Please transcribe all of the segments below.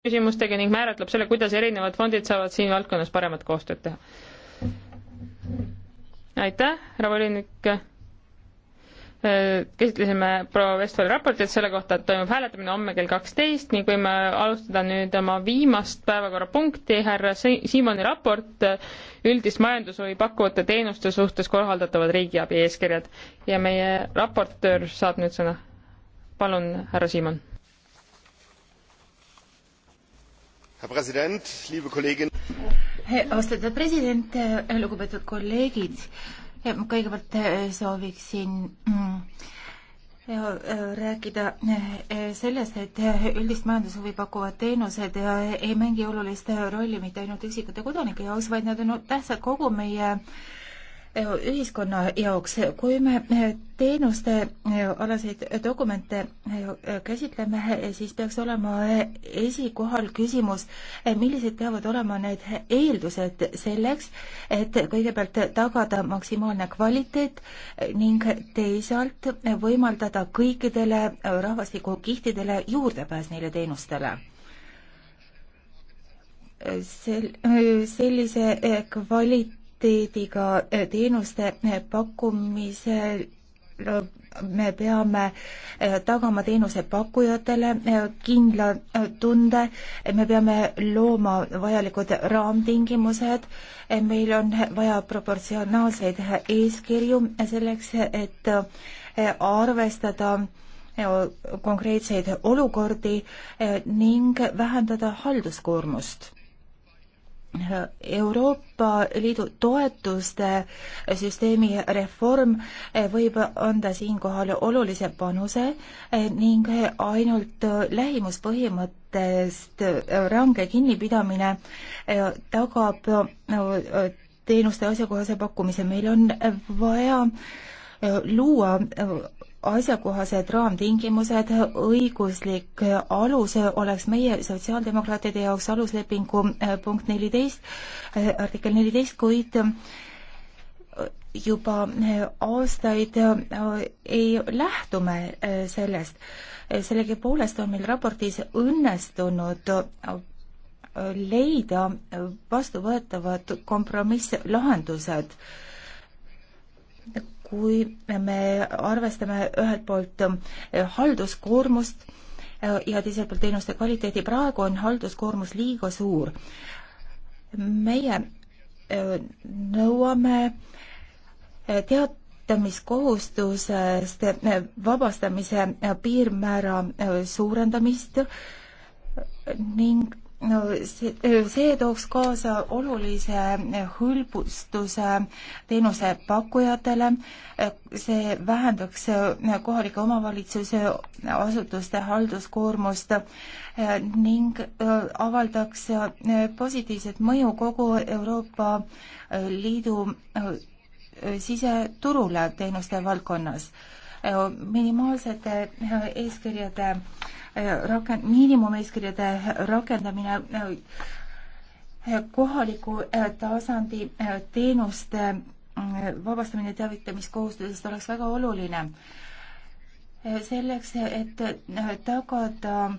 küsimustega ning määratleb selle, kuidas erinevad fondid saavad siin valdkonnas paremat koostööd teha. aitäh, härra volinik. Äh, käsitlesime proua Vestvali raportit selle kohta, et toimub hääletamine homme kell kaksteist ning võime alustada nüüd oma viimast päevakorrapunkti, härra Siimoni raport äh, üldist majandushuvi pakkuvate teenuste suhtes kohaldatavad riigiabi eeskirjad ja meie raportöör saab nüüd sõna. palun, härra Siimon austatud president, lugupeetud kolleegid, kõigepealt eh, sooviksin ja mm, eh, rääkida eh, sellest, et üldist majandushuvi pakuvad teenused ei mängi olulist rolli mitte ainult üksikute kodanike jaoks, vaid nad on tähtsad kogu meie ühiskonna jaoks, kui me teenuste alaseid dokumente käsitleme, siis peaks olema esikohal küsimus, millised peavad olema need eeldused selleks, et kõigepealt tagada maksimaalne kvaliteet ning teisalt võimaldada kõikidele rahvastikukihtidele juurdepääs neile teenustele sel-, sellise kvalit-, kvaliteediga eh, teenuste eh, pakkumisel eh, me peame tagama teenuse pakkujatele kindla tunde, me peame looma vajalikud raamtingimused, meil on vaja proportsionaalseid eeskirju selleks, et arvestada konkreetseid olukordi ning vähendada halduskoormust Euroopa Liidu toetuste süsteemi reform eh, võib anda siinkohal olulise panuse eh, ning ainult lähimuspõhimõttest range kinnipidamine eh, tagab teenuste asjakohase pakkumise. meil on vaja luua asjakohased raamtingimused, õiguslik alus oleks meie sotsiaaldemokraatide jaoks aluslepingu äh, punkt neliteist, äh, artikkel neliteist, kuid äh, juba aastaid ei lähtu me sellest. sellegipoolest on meil raportis õnnestunud leida vastuvõetavad kompromisslahendused kui me arvestame ühelt poolt eh, halduskoormust eh, ja teiselt poolt teenuste kvaliteedi, praegu on halduskoormus liiga suur. meie eh, nõuame teatamiskohustusest vabastamise piirmäära suurendamist ning no see, see tooks kaasa olulise hõlbustuse teenusepakkujatele, see vähendaks kohalike omavalitsuse asutuste halduskoormust ning avaldaks positiivset mõju kogu Euroopa Liidu siseturule teenuste valdkonnas Äh, minimaalsete äh, eeskirjade äh, rakend-, miinimumeeskirjade rakendamine kohaliku tasandi teenuste vabastamine teavitamiskohustusest oleks väga oluline. selleks, et tagada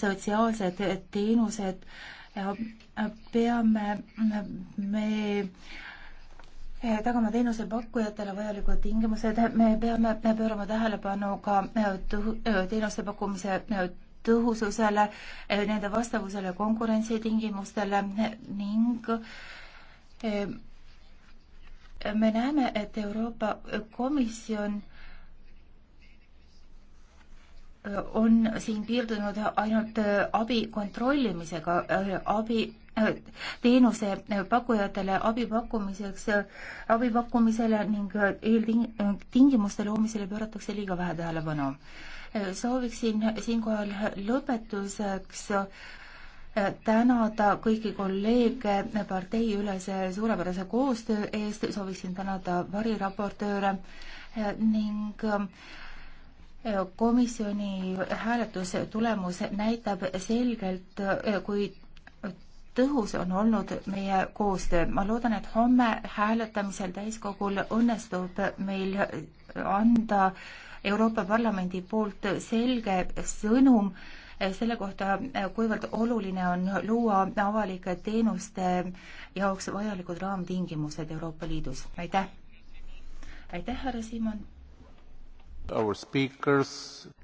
sotsiaalsed teenused, peame me Eh, tagama teenusepakkujatele vajalikud tingimused, me peame me pöörama tähelepanu ka eh, tõhu, eh, teenuste pakkumise tõhususele, nende vastavusele konkurentsitingimustele ning me näeme, et Euroopa Komisjon on siin piirdunud ainult abi kontrollimisega, abi teenuse pakkujatele abi pakkumiseks, abi pakkumisele ning eeltingimuste loomisele pööratakse liiga vähe tähelepanu. sooviksin siinkohal lõpetuseks tänada kõiki kolleege parteiülese suurepärase koostöö eest, sooviksin tänada variraportööre ning komisjoni hääletuse tulemus näitab selgelt, kui tõhus on olnud meie koostöö. ma loodan, et homme hääletamisel täiskogul õnnestub meil anda Euroopa Parlamendi poolt selge sõnum selle kohta, kuivõrd oluline on luua avalike teenuste jaoks vajalikud raamtingimused Euroopa Liidus. aitäh! aitäh, härra Simon!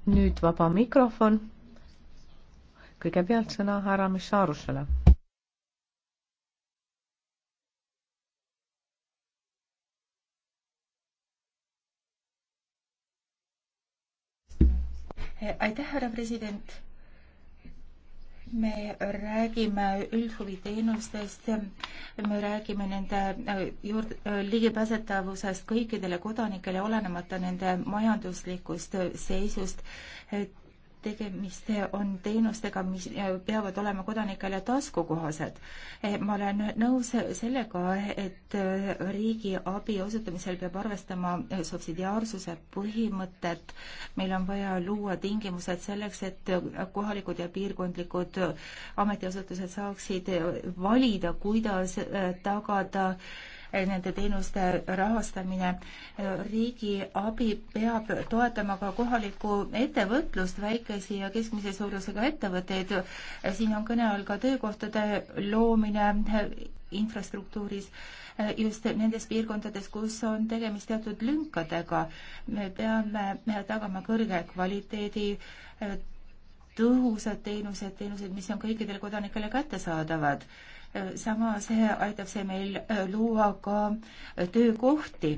nüüd vaba mikrofon. kõigepealt sõna härra Misharusele aitäh, härra president. me räägime üldhuviteenustest, me räägime nende äh, juurde, äh, ligipääsetavusest kõikidele kodanikele, olenemata nende majanduslikust äh, seisust, et tegemist on teenustega, mis äh, peavad olema kodanikele taskukohased. Eh, ma olen nõus sellega, et äh, riigi abi osutamisel peab arvestama äh, subsidiaarsuse põhimõtet. meil on vaja luua tingimused selleks, et kohalikud ja piirkondlikud ametiasutused saaksid valida, kuidas tagada nende teenuste rahastamine. riigi abi peab toetama ka kohalikku ettevõtlust, väikesi ja keskmise suurusega ettevõtteid. siin on kõne all ka töökohtade loomine infrastruktuuris just nendes piirkondades, kus on tegemist teatud lünkadega. me peame tagama kõrge kvaliteedi tõhusad teenused, teenused, mis on kõikidele kodanikele kättesaadavad samas aitab see meil äh, luua ka äh, töökohti.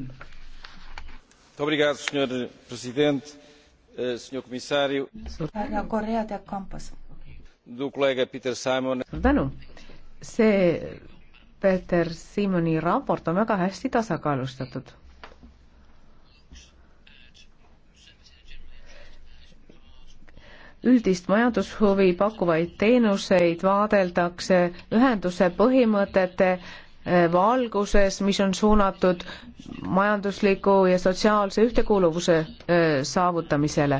Eh, härra Correa de Campos. suur tänu. see Peter Simoni raport on väga hästi tasakaalustatud üldist majandushuvi pakkuvaid teenuseid vaadeldakse ühenduse põhimõtete eh, valguses, mis on suunatud majandusliku ja sotsiaalse ühtekuuluvuse eh, saavutamisele.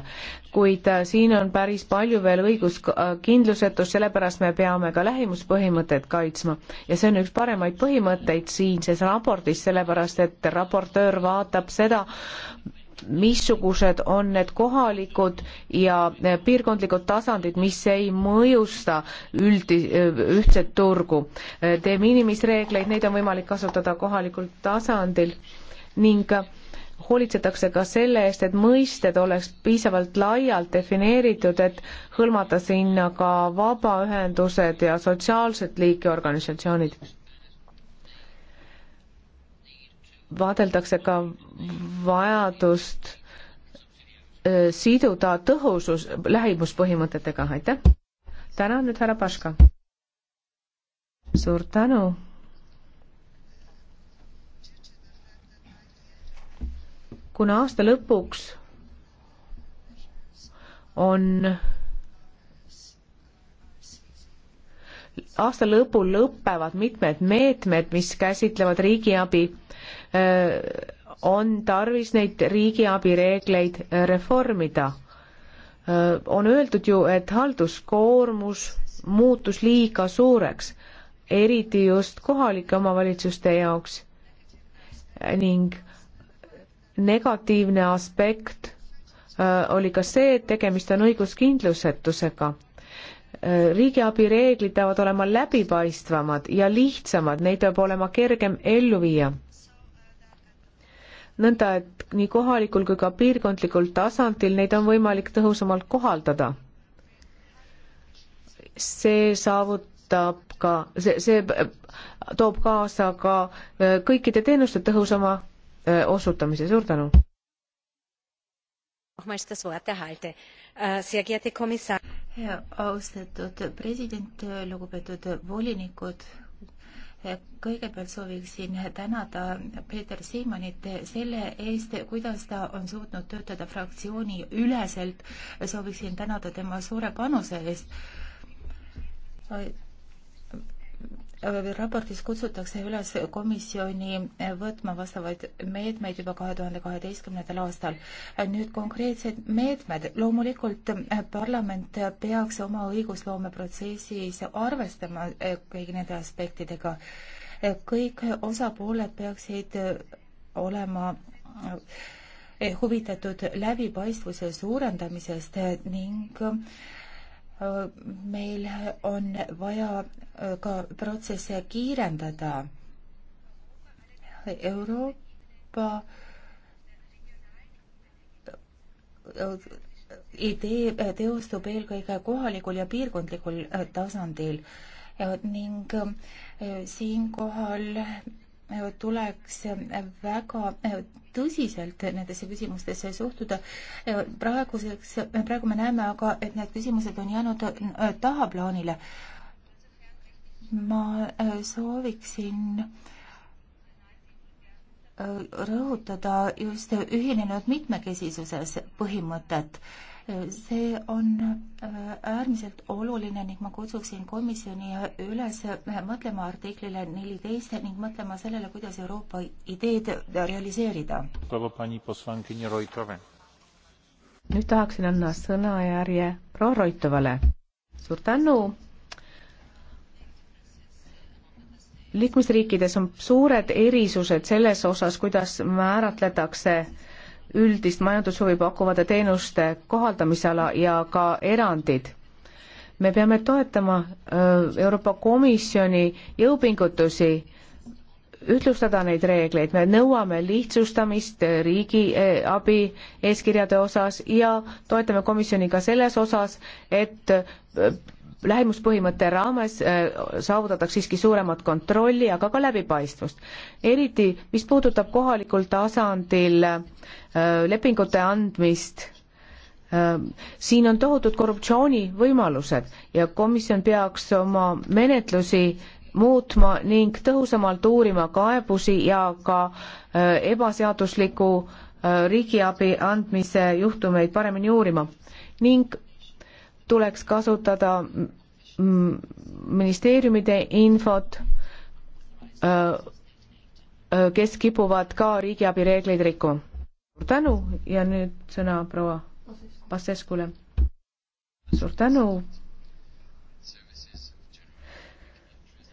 kuid eh, siin on päris palju veel õiguskindlusetust, sellepärast me peame ka lähimuspõhimõtet kaitsma ja see on üks paremaid põhimõtteid siinses raportis, sellepärast et raportöör vaatab seda, missugused on need kohalikud ja piirkondlikud tasandid, mis ei mõjusta üldi, ühtset turgu. De minimis reegleid, neid on võimalik kasutada kohalikul tasandil ning hoolitsetakse ka selle eest, et mõisted oleks piisavalt laialt defineeritud, et hõlmata sinna ka vabaühendused ja sotsiaalset liiki organisatsioonid vaadeldakse ka vajadust äh, siduda tõhusus lähimuspõhimõtetega, aitäh. tänan nüüd härra Paška. suur tänu. kuna aasta lõpuks on aasta lõpul lõpevad mitmed meetmed, mis käsitlevad riigiabi on tarvis neid riigiabi reegleid äh, reformida. on öeldud ju, et halduskoormus muutus liiga suureks, eriti just kohalike omavalitsuste jaoks ning negatiivne aspekt oli ka see, et tegemist on õiguskindlusetusega. riigiabi reeglid peavad olema läbipaistvamad ja lihtsamad, neid peab olema kergem ellu viia nõnda et nii kohalikul kui ka piirkondlikul tasandil neid on võimalik tõhusamalt kohaldada. see saavutab ka, see, see toob kaasa ka äh, kõikide teenuste tõhusama äh, osutamise, suur tänu! nochmals das Wort erhalte. Sehr geehrte Kommissar. Herr austatud president, lugupeetud volinikud, kõigepealt sooviksin tänada Peeter Siimonit selle eest, kuidas ta on suutnud töötada fraktsiooni üleselt. sooviksin tänada tema suure panuse eest raportis kutsutakse üles komisjoni võtma vastavaid meetmeid juba kahe tuhande kaheteistkümnendal aastal. nüüd konkreetsed meetmed, loomulikult parlament peaks oma õigusloome protsessis arvestama kõigi nende aspektidega. kõik osapooled peaksid olema huvitatud läbipaistvuse suurendamisest ning meil on vaja äh, ka protsesse kiirendada. Euroopa äh, idee äh, teostub eelkõige kohalikul ja piirkondlikul tasandil ja ning siinkohal tuleks väga tõsiselt nendesse küsimustesse suhtuda. praeguseks, praegu me näeme aga, et need küsimused on jäänud tahaplaanile. ma sooviksin rõhutada just ühinenud mitmekesisuses põhimõtet see on äh, äärmiselt oluline ning ma kutsuksin komisjoni üles mõtlema artiklile neliteist ning mõtlema sellele, kuidas Euroopa ideed realiseerida. nüüd tahaksin anda sõnajärje proua Roitovale. suur tänu. liikmesriikides on suured erisused selles osas, kuidas määratletakse äh, üldist majandushuvi pakkuvate teenuste kohaldamisala ja ka erandid. me peame toetama Euroopa Komisjoni jõupingutusi ühtlustada neid reegleid, me nõuame lihtsustamist riigiabi e, eeskirjade osas ja toetame komisjoni ka selles osas, et lähimuspõhimõtte raames äh, saavutatakse siiski suuremat kontrolli, aga ka läbipaistvust. eriti, mis puudutab kohalikul tasandil äh, lepingute andmist, äh, siin on tohutud korruptsioonivõimalused ja komisjon peaks oma menetlusi muutma ning tõhusamalt uurima kaebusi ja ka ebaseadusliku riigiabi andmise juhtumeid paremini uurima ning tuleks kasutada ministeeriumide infot, kes kipuvad ka riigiabi reegleid rikkuma. suur tänu ja nüüd sõna proua Paseskule. suur tänu.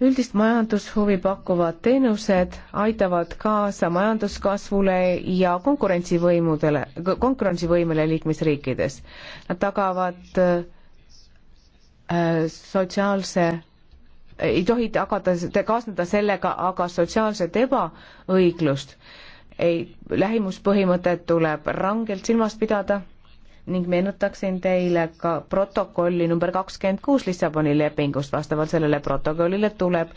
üldist majandushuvi pakkuvad teenused aitavad kaasa majanduskasvule ja konkurentsivõimudele, konkurentsivõimele liikmesriikides. Nad tagavad äh, Äh, sotsiaalse, ei tohi tagada, kaasneda sellega aga sotsiaalset ebaõiglust. ei, lähimuspõhimõtet tuleb rangelt silmas pidada ning meenutaksin teile ka protokolli number kakskümmend kuus Lissaboni lepingust, vastavalt sellele protokollile tuleb,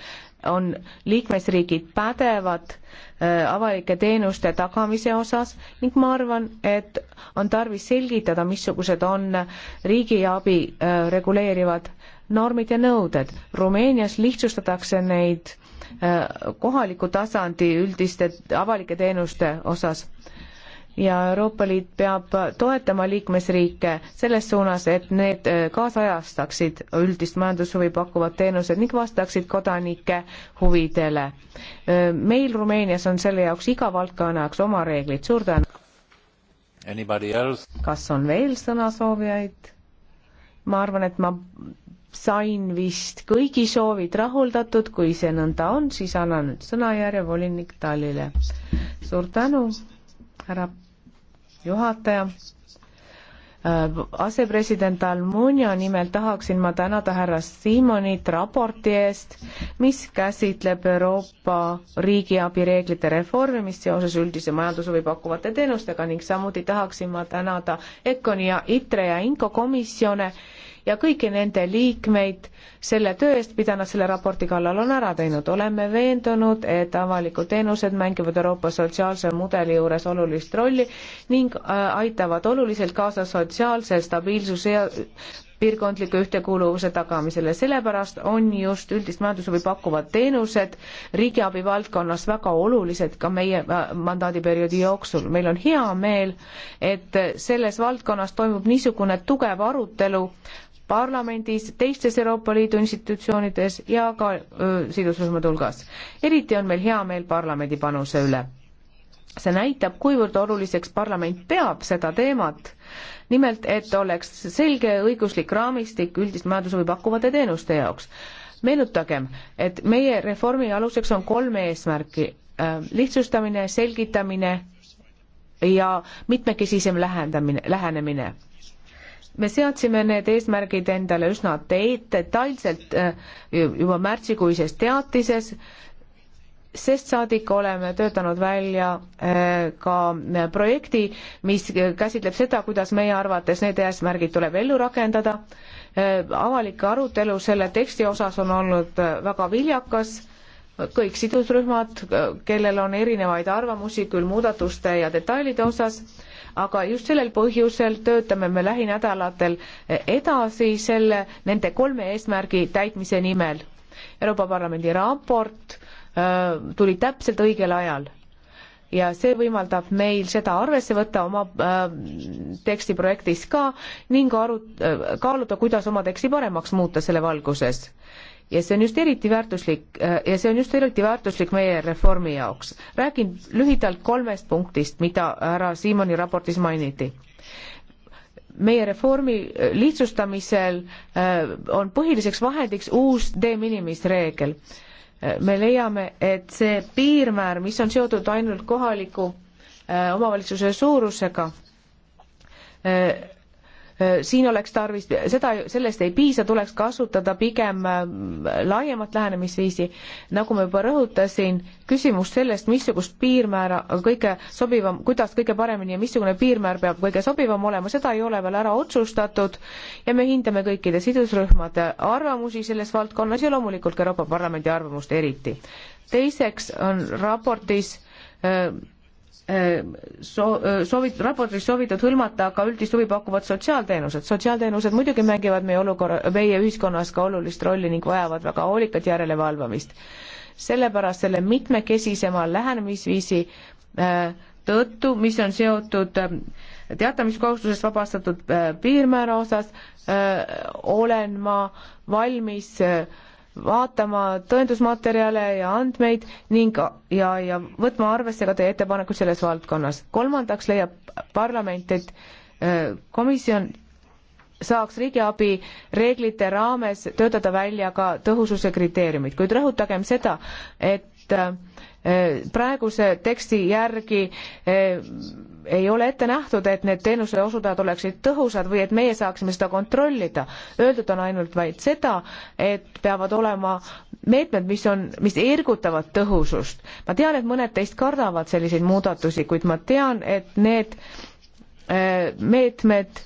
on liikmesriigid pädevad äh, avalike teenuste tagamise osas ning ma arvan, et on tarvis selgitada, missugused on riigiabi äh, reguleerivad normid ja nõuded. Rumeenias lihtsustatakse neid äh, kohaliku tasandi üldiste avalike teenuste osas äh, ja Euroopa Liit peab toetama liikmesriike selles suunas, et need äh, kaasajastaksid üldist majandushuvi pakkuvad teenused ning vastaksid kodanike huvidele. Äh, meil Rumeenias on selle jaoks iga valdkonna jaoks oma reeglid, suur tänu. kas on veel sõnasoovijaid? ma arvan, et ma sain vist kõigi soovid rahuldatud, kui see nõnda on, siis annan nüüd sõnajärje volinik Talile. suur tänu, härra juhataja. Äh, asepresident Almunia nimel tahaksin ma tänada härra Simonit raporti eest, mis käsitleb Euroopa riigiabi reeglite reformimist seoses üldise majandushuvi pakkuvate teenustega ning samuti tahaksin ma tänada ECON ja ITRE ja INCO komisjone ja kõiki nende liikmeid selle töö eest, mida nad selle raporti kallal on ära teinud. oleme veendunud, et avalikud teenused mängivad Euroopa sotsiaalse mudeli juures olulist rolli ning äh, aitavad oluliselt kaasa sotsiaalse stabiilsuse ja piirkondliku ühtekuuluvuse tagamisele, sellepärast on just üldist majandushuvi pakkuvad teenused riigiabi valdkonnas väga olulised ka meie äh, mandaadiperioodi jooksul. meil on hea meel, et selles valdkonnas toimub niisugune tugev arutelu parlamendis, teistes Euroopa Liidu institutsioonides ja ka öö, sidusrühmade hulgas. eriti on meil hea meel parlamendi panuse üle. see näitab, kuivõrd oluliseks parlament peab seda teemat, nimelt et oleks selge õiguslik raamistik üldist majandushuvi pakkuvate teenuste jaoks. meenutagem, et meie reformi aluseks on kolm eesmärki, lihtsustamine, selgitamine ja mitmekesisem lähendamine, lähenemine me seadsime need eesmärgid endale üsna detailselt äh, juba märtsikuises teatises, sest saadik oleme töötanud välja äh, ka äh, projekti, mis käsitleb seda, kuidas meie arvates need eesmärgid tuleb ellu rakendada. avalik arutelu selle teksti osas on olnud väga viljakas kõik sidusrühmad, kellel on erinevaid arvamusi küll muudatuste ja detailide osas aga just sellel põhjusel töötame me lähinädalatel edasi selle, nende kolme eesmärgi täitmise nimel. Euroopa Parlamendi raport öö, äh, tuli täpselt õigel ajal ja see võimaldab meil seda arvesse võtta oma äh, tekstiprojektis ka ning aru- äh,, kaaluda, kuidas oma teksti paremaks muuta selle valguses ja see on just eriti väärtuslik äh, ja see on just eriti väärtuslik meie reformi jaoks. räägin lühidalt kolmest punktist, mida härra Siimoni raportis mainiti. meie reformi lihtsustamisel äh, on põhiliseks vahendiks uus de minimis reegel. Äh, me leiame, et see piirmäär, mis on seotud ainult kohaliku omavalitsuse suurusega, Äh, siin oleks tarvis, seda, sellest ei piisa, tuleks kasutada pigem äh, laiemat lähenemisviisi. nagu ma juba rõhutasin, küsimus sellest, missugust piirmäära kõige sobivam, kuidas kõige paremini ja missugune piirmäär peab kõige sobivam olema, seda ei ole veel ära otsustatud ja me hindame kõikide sidusrühmade arvamusi selles valdkonnas ja loomulikult ka Euroopa Parlamendi arvamust eriti. teiseks on raportis öö, äh, Äh, soo-, äh, soovit-, raportis soovitud hõlmata ka üldist huvi pakuvad sotsiaalteenused. sotsiaalteenused muidugi mängivad meie olukorra, meie ühiskonnas ka olulist rolli ning vajavad väga hoolikat järelevalvamist. sellepärast selle mitmekesisema lähenemisviisi äh, tõttu, mis on seotud teatamiskohustusest vabastatud piirmäära osas, olen ma valmis äh, vaatama tõendusmaterjale ja andmeid ning ja, ja võtma arvesse ka teie ettepanekud selles valdkonnas. kolmandaks leiab parlament, et äh, komisjon saaks riigiabi reeglite raames töötada välja ka tõhususe kriteeriumid, kuid rõhutagem seda, et äh, praeguse teksti järgi äh, ei ole ette nähtud, et need teenuse osutajad oleksid tõhusad või et meie saaksime seda kontrollida. Öeldud on ainult vaid seda, et peavad olema meetmed, mis on, mis ergutavad tõhusust. ma tean, et mõned teist kardavad selliseid muudatusi, kuid ma tean, et need äh, meetmed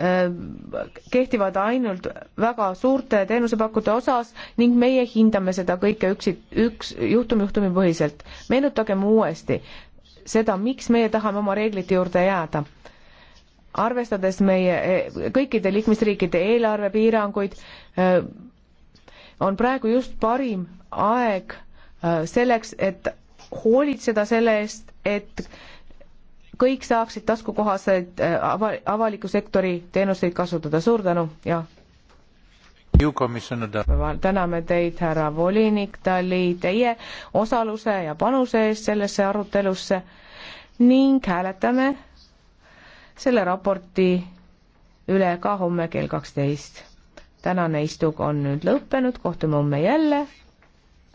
äh, kehtivad ainult väga suurte teenusepakkujate osas ning meie hindame seda kõike üksi, üks juhtum juhtumipõhiselt. meenutagem uuesti, seda, miks meie tahame oma reeglite juurde jääda. arvestades meie kõikide liikmesriikide eelarvepiiranguid, äh, on praegu just parim aeg äh, selleks, et hoolitseda selle eest, et kõik saaksid taskukohaseid äh, avaliku sektori teenuseid kasutada. suur tänu ja täname teid, härra volinik Tali, teie osaluse ja panuse eest sellesse arutelusse ning hääletame selle raporti üle ka homme kell kaksteist. tänane istung on nüüd lõppenud, kohtume homme jälle